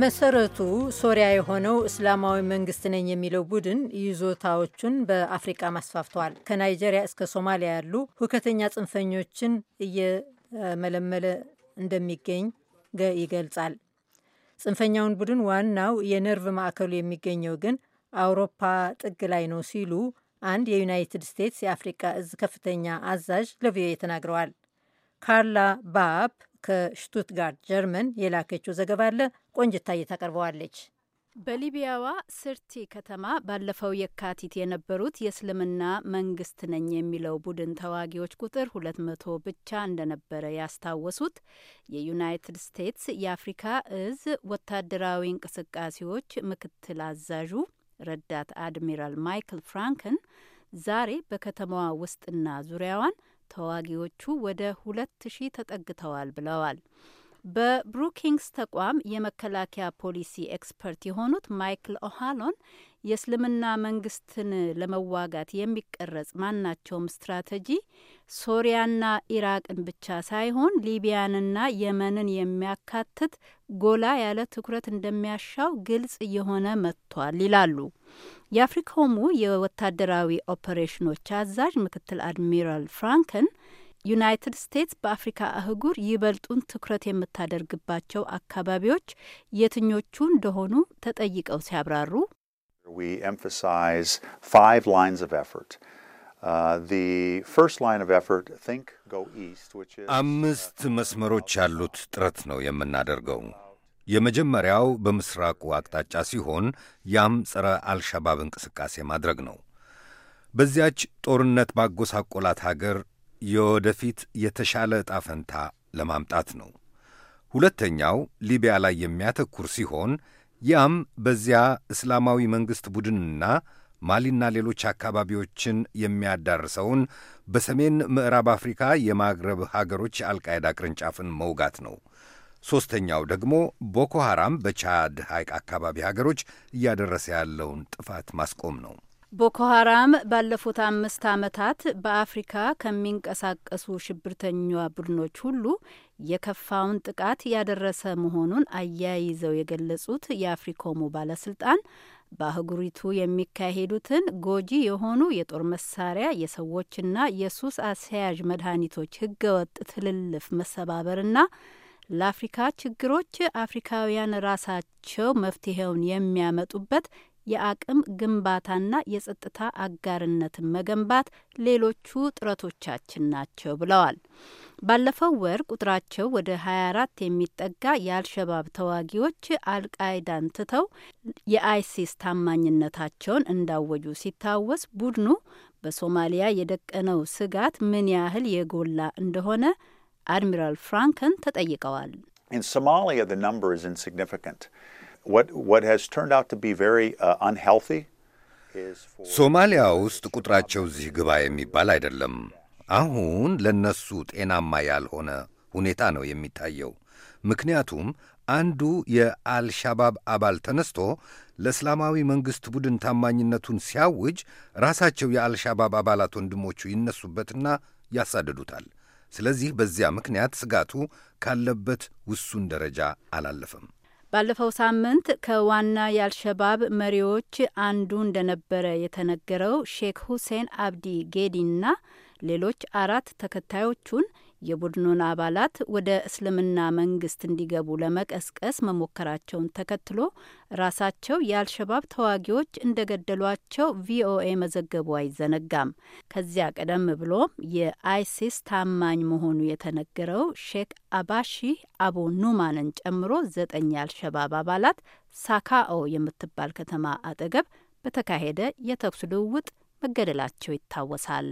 መሰረቱ ሶሪያ የሆነው እስላማዊ መንግስት ነኝ የሚለው ቡድን ይዞታዎቹን በአፍሪቃ ማስፋፍተዋል። ከናይጀሪያ እስከ ሶማሊያ ያሉ ሁከተኛ ጽንፈኞችን እየመለመለ እንደሚገኝ ይገልጻል። ጽንፈኛውን ቡድን ዋናው የነርቭ ማዕከሉ የሚገኘው ግን አውሮፓ ጥግ ላይ ነው ሲሉ አንድ የዩናይትድ ስቴትስ የአፍሪቃ እዝ ከፍተኛ አዛዥ ለቪኦኤ ተናግረዋል። ካርላ ባፕ ከሽቱትጋርት ጀርመን የላከችው ዘገባ አለ። ቆንጅታዬ ታቀርበዋለች። በሊቢያዋ ስርቲ ከተማ ባለፈው የካቲት የነበሩት የእስልምና መንግስት ነኝ የሚለው ቡድን ተዋጊዎች ቁጥር ሁለት መቶ ብቻ እንደነበረ ያስታወሱት የዩናይትድ ስቴትስ የአፍሪካ እዝ ወታደራዊ እንቅስቃሴዎች ምክትል አዛዡ ረዳት አድሚራል ማይክል ፍራንክን ዛሬ በከተማዋ ውስጥና ዙሪያዋን ተዋጊዎቹ ወደ ሁለት ሺህ ተጠግተዋል ብለዋል። በብሩኪንግስ ተቋም የመከላከያ ፖሊሲ ኤክስፐርት የሆኑት ማይክል ኦሃሎን የእስልምና መንግስትን ለመዋጋት የሚቀረጽ ማናቸውም ስትራቴጂ ሶሪያና ኢራቅን ብቻ ሳይሆን ሊቢያንና የመንን የሚያካትት ጎላ ያለ ትኩረት እንደሚያሻው ግልጽ እየሆነ መጥቷል ይላሉ። የአፍሪኮሙ የወታደራዊ ኦፐሬሽኖች አዛዥ ምክትል አድሚራል ፍራንክን ዩናይትድ ስቴትስ በአፍሪካ አህጉር ይበልጡን ትኩረት የምታደርግባቸው አካባቢዎች የትኞቹ እንደሆኑ ተጠይቀው ሲያብራሩ uh, አምስት መስመሮች ያሉት ጥረት ነው የምናደርገው። የመጀመሪያው በምስራቁ አቅጣጫ ሲሆን ያም ጸረ አልሸባብ እንቅስቃሴ ማድረግ ነው። በዚያች ጦርነት ባጎሳቆላት ሀገር የወደፊት የተሻለ ዕጣ ፈንታ ለማምጣት ነው። ሁለተኛው ሊቢያ ላይ የሚያተኩር ሲሆን ያም በዚያ እስላማዊ መንግሥት ቡድንና ማሊና ሌሎች አካባቢዎችን የሚያዳርሰውን በሰሜን ምዕራብ አፍሪካ የማግረብ ሀገሮች የአልቃይዳ ቅርንጫፍን መውጋት ነው። ሦስተኛው ደግሞ ቦኮ ሐራም በቻድ ሐይቅ አካባቢ ሀገሮች እያደረሰ ያለውን ጥፋት ማስቆም ነው። ቦኮ ሀራም ባለፉት አምስት ዓመታት በአፍሪካ ከሚንቀሳቀሱ ሽብርተኛ ቡድኖች ሁሉ የከፋውን ጥቃት ያደረሰ መሆኑን አያይዘው የገለጹት የአፍሪኮሙ ባለስልጣን በአህጉሪቱ የሚካሄዱትን ጎጂ የሆኑ የጦር መሳሪያ የሰዎችና የሱስ አስያዥ መድኃኒቶች ህገወጥ ትልልፍ መሰባበርና ለአፍሪካ ችግሮች አፍሪካውያን ራሳቸው መፍትሄውን የሚያመጡበት የአቅም ግንባታና የጸጥታ አጋርነትን መገንባት ሌሎቹ ጥረቶቻችን ናቸው ብለዋል። ባለፈው ወር ቁጥራቸው ወደ 24 የሚጠጋ የአልሸባብ ተዋጊዎች አልቃይዳን ትተው የአይሲስ ታማኝነታቸውን እንዳወጁ ሲታወስ ቡድኑ በሶማሊያ የደቀነው ስጋት ምን ያህል የጎላ እንደሆነ አድሚራል ፍራንከን ተጠይቀዋል። In Somalia, what what has turned out to be very uh, unhealthy is for ሶማሊያ ውስጥ ቁጥራቸው እዚህ ግባ የሚባል አይደለም። አሁን ለነሱ ጤናማ ያልሆነ ሁኔታ ነው የሚታየው። ምክንያቱም አንዱ የአልሻባብ አባል ተነስቶ ለእስላማዊ መንግሥት ቡድን ታማኝነቱን ሲያውጅ ራሳቸው የአልሻባብ አባላት ወንድሞቹ ይነሱበትና ያሳድዱታል። ስለዚህ በዚያ ምክንያት ስጋቱ ካለበት ውሱን ደረጃ አላለፈም። ባለፈው ሳምንት ከዋና የአልሸባብ መሪዎች አንዱ እንደነበረ የተነገረው ሼክ ሁሴን አብዲ ጌዲና ሌሎች አራት ተከታዮቹን የቡድኑን አባላት ወደ እስልምና መንግስት እንዲገቡ ለመቀስቀስ መሞከራቸውን ተከትሎ ራሳቸው የአልሸባብ ተዋጊዎች እንደገደሏቸው ቪኦኤ መዘገቡ አይዘነጋም። ከዚያ ቀደም ብሎም የአይሲስ ታማኝ መሆኑ የተነገረው ሼክ አባሺ አቡ ኑማንን ጨምሮ ዘጠኝ የአልሸባብ አባላት ሳካኦ የምትባል ከተማ አጠገብ በተካሄደ የተኩስ ልውውጥ መገደላቸው ይታወሳል።